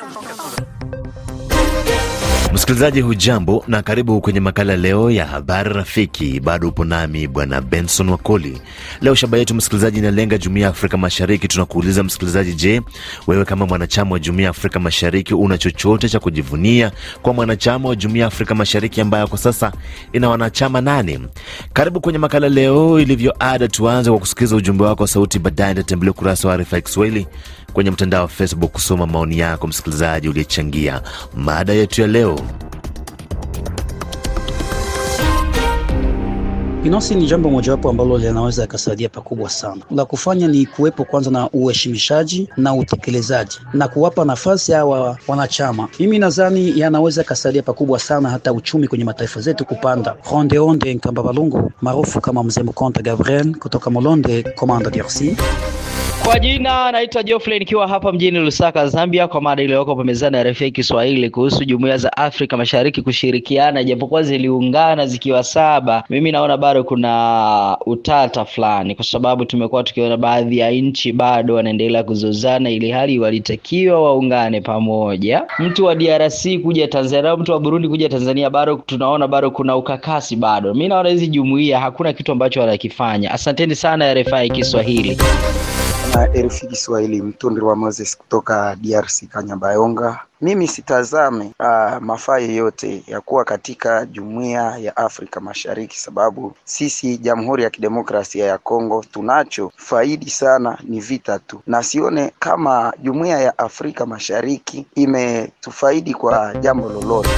啊。Msikilizaji hujambo na karibu kwenye makala leo ya habari rafiki. Bado upo nami bwana Benson Wakoli. Leo shaba yetu msikilizaji inalenga jumuiya ya Afrika Mashariki. Tunakuuliza msikilizaji, je, wewe kama mwanachama wa jumuiya ya Afrika Mashariki una chochote cha kujivunia kwa mwanachama wa jumuiya ya Afrika Mashariki ambayo kwa sasa ina wanachama nane? Karibu kwenye makala leo. Ilivyo ada, tuanze kwa kusikiliza ujumbe wako wa sauti, baadaye nitatembelea ukurasa wa RFI Kiswahili kwenye mtandao wa Facebook kusoma maoni yako msikilizaji uliyechangia mada yetu ya leo. Inosi ni jambo mojawapo ambalo linaweza ikasaidia pakubwa sana. La kufanya ni kuwepo kwanza na uheshimishaji na utekelezaji na kuwapa nafasi hawa wanachama. Mimi nadhani yanaweza ikasaidia pakubwa sana hata uchumi kwenye mataifa zetu kupanda. Ronde Onde Nkamba Balungu maarufu kama Mzee Mkonta Gabriel kutoka Molonde, Komanda DRC. Kwa jina naitwa Geoffrey nikiwa hapa mjini Lusaka, Zambia, kwa mada iliyoko pembezani ya RFI Kiswahili kuhusu jumuiya za Afrika Mashariki kushirikiana, japokuwa ziliungana zikiwa saba, mimi naona bado kuna utata fulani, kwa sababu tumekuwa tukiona baadhi ya nchi bado wanaendelea kuzozana, ili hali walitakiwa waungane pamoja. Mtu wa DRC kuja Tanzania, mtu wa Burundi kuja Tanzania, bado tunaona bado kuna ukakasi bado. Mimi naona hizi jumuiya hakuna kitu ambacho wanakifanya. Asanteni sana RFI Kiswahili. RFI Kiswahili, mtundri wa Moses kutoka DRC Kanyabayonga. Mimi sitazame uh, mafaa yoyote ya kuwa katika jumuiya ya Afrika Mashariki, sababu sisi Jamhuri ya Kidemokrasia ya Kongo tunacho faidi sana ni vita tu, na sione kama jumuiya ya Afrika Mashariki imetufaidi kwa jambo lolote.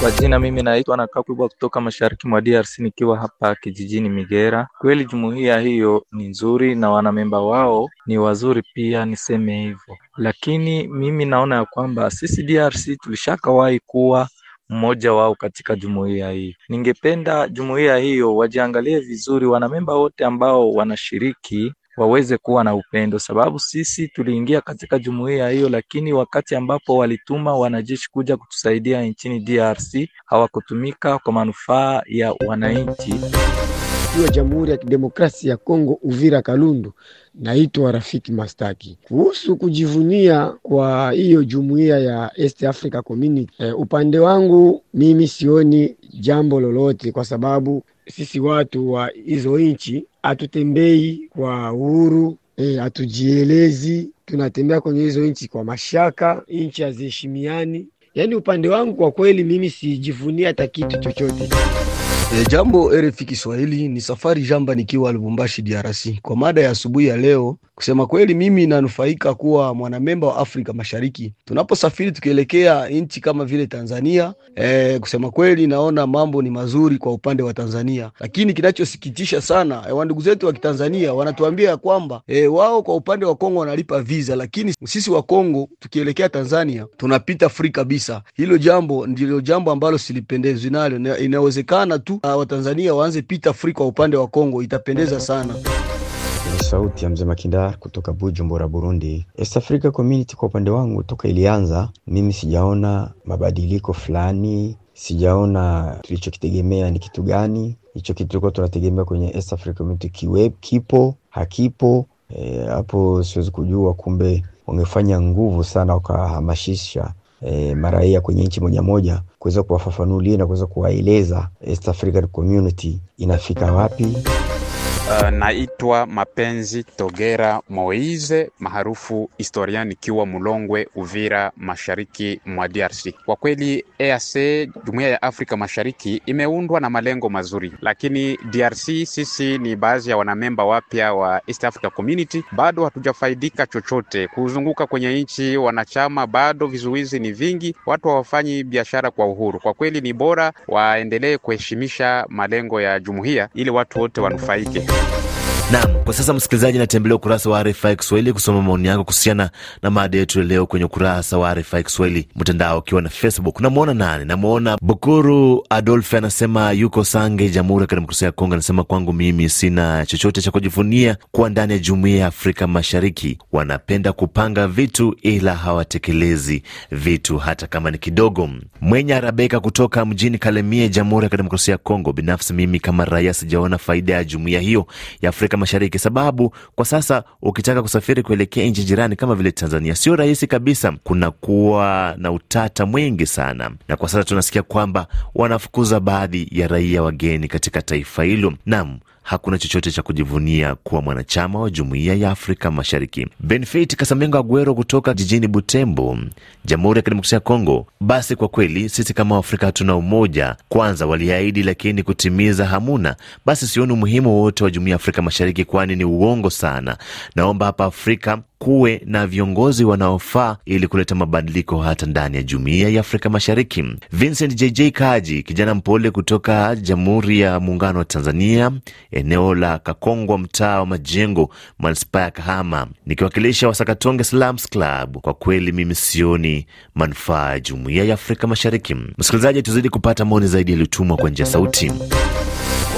Kwa jina mimi naitwa Kakubwa kutoka mashariki mwa DRC nikiwa hapa kijijini Migera. Kweli jumuiya hiyo ni nzuri na wanamemba wao ni wazuri pia, niseme hivyo, lakini mimi naona ya kwamba sisi DRC tulishakawahi kuwa mmoja wao katika jumuiya hii. Ningependa jumuiya hiyo wajiangalie vizuri wanamemba wote ambao wanashiriki waweze kuwa na upendo, sababu sisi tuliingia katika jumuiya hiyo, lakini wakati ambapo walituma wanajeshi kuja kutusaidia nchini DRC hawakutumika kwa manufaa ya wananchi wa Jamhuri ya Kidemokrasia ya Kongo, Uvira Kalundu. Naitwa Rafiki Mastaki. Kuhusu kujivunia kwa hiyo jumuiya ya East Africa Community, eh, upande wangu mimi sioni jambo lolote, kwa sababu sisi watu wa hizo nchi hatutembei kwa uhuru, hatujielezi eh, e, tunatembea kwenye hizo nchi kwa mashaka, nchi haziheshimiani. Yaani upande wangu kwa kweli mimi sijivunia hata kitu chochote. E, jambo RFI Kiswahili ni safari jamba, nikiwa Lubumbashi DRC, kwa mada ya asubuhi ya leo Kusema kweli, mimi nanufaika kuwa mwanamemba wa Afrika Mashariki tunaposafiri tukielekea nchi kama vile Tanzania. E, kusema kweli, naona mambo ni mazuri kwa upande wa Tanzania, lakini kinachosikitisha sana e, eh, wandugu zetu wa Kitanzania wanatuambia ya kwamba e, wao kwa upande wa Kongo wanalipa visa, lakini sisi wa Kongo tukielekea Tanzania tunapita free kabisa. Hilo jambo ndilo jambo ambalo silipendezwi nalo. Inawezekana tu ah, Watanzania waanze pita free kwa upande wa Kongo, itapendeza sana. Ni sauti ya mzee Makindar kutoka Bujumbura, Burundi. East Africa Community kwa upande wangu, toka ilianza mimi sijaona mabadiliko fulani, sijaona tulichokitegemea ni kitu gani. Hicho kitu tulikuwa tunategemea kwenye East Africa Community kiwe, kipo hakipo e, hapo, e, siwezi kujua. Kumbe wangefanya nguvu sana wakahamasisha E, maraia kwenye nchi moja moja kuweza kuwafafanulia na kuweza kuwaeleza East African Community inafika wapi. Eh, naitwa Mapenzi Togera Moize maarufu historian, nikiwa Mulongwe, Uvira, mashariki mwa DRC. Kwa kweli, EAC Jumuiya ya Afrika Mashariki imeundwa na malengo mazuri, lakini DRC sisi ni baadhi ya wanamemba wapya wa East Africa Community, bado hatujafaidika chochote. Kuzunguka kwenye nchi wanachama, bado vizuizi ni vingi, watu hawafanyi biashara kwa uhuru. Kwa kweli, ni bora waendelee kuheshimisha malengo ya jumuiya ili watu wote wanufaike. Thank you. Naam, kwa sasa msikilizaji, natembelea ukurasa wa RFI Kiswahili kusoma maoni yako kuhusiana na mada yetu leo kwenye ukurasa wa RFI Kiswahili mtandao ukiwa na Facebook. Namwona nani? Namwona Bukuru Adolfe, anasema yuko Sange, Jamhuri ya Kidemokrasia ya Kongo. Anasema kwangu mimi sina chochote cha kujivunia kuwa ndani ya Jumuiya ya Afrika Mashariki. Wanapenda kupanga vitu, ila hawatekelezi vitu hata kama ni kidogo. Mwenye Arabeka kutoka mjini Kalemie, Jamhuri ya Kidemokrasia ya Kongo. Binafsi mimi kama raia sijaona faida ya jumuiya hiyo ya Afrika Mashariki, sababu kwa sasa ukitaka kusafiri kuelekea nchi jirani kama vile Tanzania sio rahisi kabisa, kunakuwa na utata mwingi sana. Na kwa sasa tunasikia kwamba wanafukuza baadhi ya raia wageni katika taifa hilo. Naam, hakuna chochote cha kujivunia kuwa mwanachama wa jumuiya ya Afrika Mashariki. Benfit Kasamengo Aguero kutoka jijini Butembo, Jamhuri ya Kidemokrasia ya Kongo. Basi kwa kweli sisi kama Waafrika hatuna umoja, kwanza waliahidi, lakini kutimiza hamuna. Basi sioni umuhimu wowote wa jumuiya ya Afrika Mashariki, kwani ni uongo sana. Naomba hapa Afrika kuwe na viongozi wanaofaa ili kuleta mabadiliko hata ndani ya jumuiya ya Afrika Mashariki. Vincent JJ Kaji, kijana mpole kutoka Jamhuri ya Muungano wa Tanzania, eneo la Kakongwa, mtaa wa Majengo, manispaa ya Kahama, nikiwakilisha Wasakatonge Slams Club. Kwa kweli mimi sioni manufaa ya jumuiya ya Afrika Mashariki. Msikilizaji, tuzidi kupata maoni zaidi yaliyotumwa kwa njia sauti.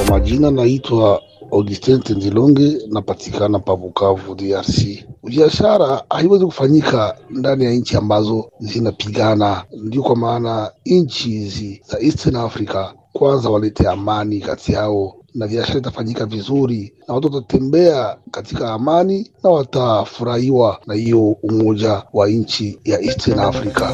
Kwa majina naitwa Augustin Tendilonge, napatikana pa Bukavu, DRC. Biashara haiwezi kufanyika ndani ya nchi ambazo zinapigana. Ndio kwa maana nchi hizi za Eastern Africa kwanza walete amani kati yao na biashara itafanyika vizuri na watu watatembea katika amani na watafurahiwa na hiyo umoja wa nchi ya Eastern Africa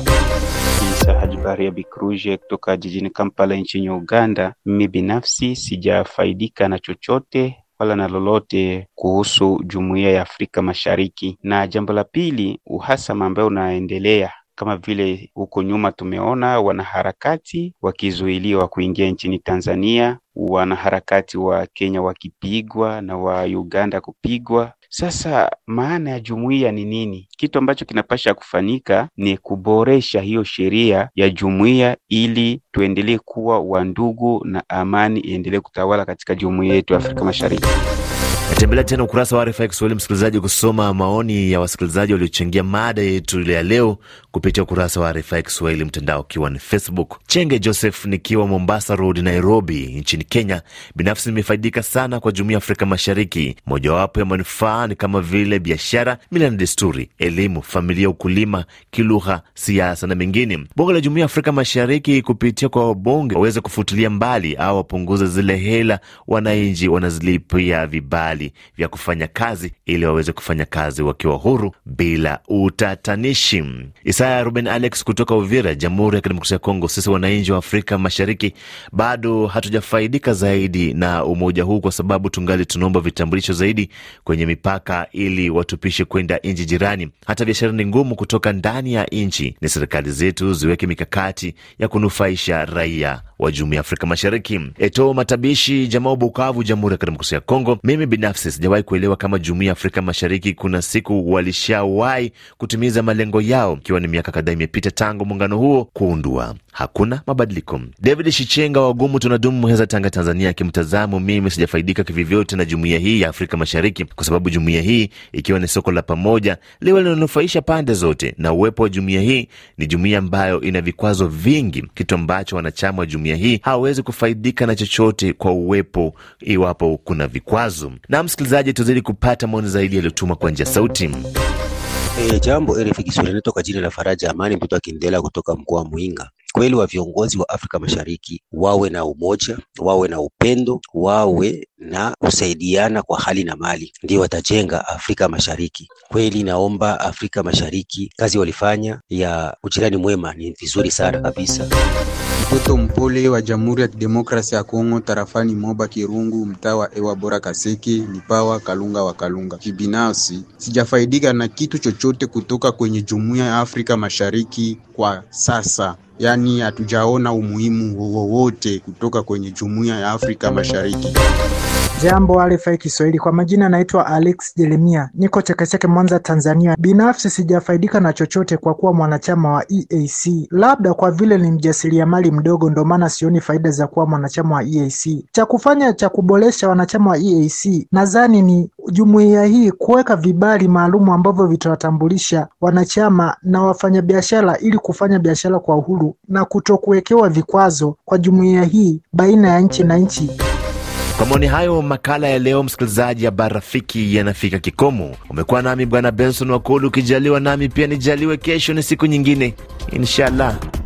habari ya Bikruje kutoka jijini Kampala nchini Uganda. Mimi binafsi sijafaidika na chochote wala na lolote kuhusu Jumuiya ya Afrika Mashariki. Na jambo la pili, uhasama ambayo unaendelea kama vile huko nyuma tumeona wanaharakati wakizuiliwa kuingia nchini Tanzania, wanaharakati wa Kenya wakipigwa na wa Uganda kupigwa. Sasa maana ya jumuiya ni nini? Kitu ambacho kinapasha kufanyika ni kuboresha hiyo sheria ya jumuiya ili tuendelee kuwa wandugu na amani iendelee kutawala katika jumuiya yetu ya Afrika Mashariki. Tembelea tena ukurasa wa RFI Kiswahili msikilizaji, kusoma maoni ya wasikilizaji waliochangia mada yetu ya leo kupitia ukurasa wa RFI Kiswahili mtandao ukiwa ni Facebook. Chenge Joseph nikiwa Mombasa Road, Nairobi nchini Kenya, binafsi nimefaidika sana kwa jumuiya ya Afrika Mashariki. Mojawapo ya manufaa ni kama vile biashara, mila na desturi, elimu, familia, ukulima, kilugha, siasa na mengine. Bonge la jumuiya ya Afrika Mashariki kupitia kwa wabonge waweze kufutilia mbali au wapunguze zile hela wananchi wanazilipia vibali mbalimbali vya kufanya kazi ili waweze kufanya kazi wakiwa huru bila utatanishi. Isaya Ruben Alex kutoka Uvira, Jamhuri ya Kidemokrasia ya Kongo. Sisi wananchi wa Afrika Mashariki bado hatujafaidika zaidi na umoja huu, kwa sababu tungali tunaomba vitambulisho zaidi kwenye mipaka ili watupishe kwenda nchi jirani. Hata biashara ni ngumu kutoka ndani ya nchi. Ni serikali zetu ziweke mikakati ya kunufaisha raia wa Jumuiya ya Afrika Mashariki. Eto Matabishi, Jamaa Bukavu, Jamhuri ya Kidemokrasia ya Kongo. Mimi binafsi sijawahi kuelewa kama jumuiya ya Afrika Mashariki kuna siku walishawahi kutimiza malengo yao, ikiwa ni miaka kadhaa imepita tangu muungano huo kuundwa hakuna mabadiliko. David Shichenga wagumu tunadumu Muheza, Tanga, Tanzania. akimtazamu mimi sijafaidika kivivyote na jumuiya hii ya Afrika Mashariki kwa sababu jumuiya hii ikiwa ni soko la pamoja liwe linanufaisha pande zote, na uwepo wa jumuiya hii ni jumuiya ambayo ina vikwazo vingi, kitu ambacho wanachama wa jumuiya hii hawawezi kufaidika na chochote kwa uwepo iwapo kuna vikwazo. Na msikilizaji, tuzidi kupata maoni zaidi yaliyotumwa kwa njia sauti. E, jambo elefiki Kiswahili, natoka jina la Faraja Amani, mtoto wa Kindela kutoka mkoa wa kweli wa viongozi wa Afrika Mashariki wawe na umoja, wawe na upendo, wawe na kusaidiana kwa hali na mali, ndio watajenga Afrika Mashariki. Kweli naomba Afrika Mashariki, kazi walifanya ya ujirani mwema ni vizuri sana kabisa. Mtoto mpole wa Jamhuri ya Kidemokrasia ya Kongo, tarafani Moba Kirungu, mtaa wa Ewa Bora kaseke ni pawa Kalunga wa Kalunga. Kibinafsi sijafaidika na kitu chochote kutoka kwenye Jumuiya ya Afrika Mashariki kwa sasa yaani hatujaona umuhimu wowote kutoka kwenye jumuiya ya Afrika Mashariki. Jambo RFI Kiswahili, kwa majina naitwa Alex Jeremia, niko Chekecheke, Mwanza, Tanzania. Binafsi sijafaidika na chochote kwa kuwa mwanachama wa EAC, labda kwa vile ni mjasiriamali mdogo, ndo maana sioni faida za kuwa mwanachama wa EAC. Cha kufanya cha kuboresha wanachama wa EAC nadhani ni jumuiya hii kuweka vibali maalumu ambavyo vitawatambulisha wanachama na wafanyabiashara ili kufanya biashara kwa uhuru uhuru na kutokuwekewa vikwazo kwa jumuiya hii baina ya nchi na nchi. Kwa maoni hayo, makala ya leo msikilizaji, habari rafiki, yanafika kikomo. Umekuwa nami Bwana Benson Wakulu, ukijaliwa nami pia nijaliwe kesho. Ni siku nyingine, inshallah.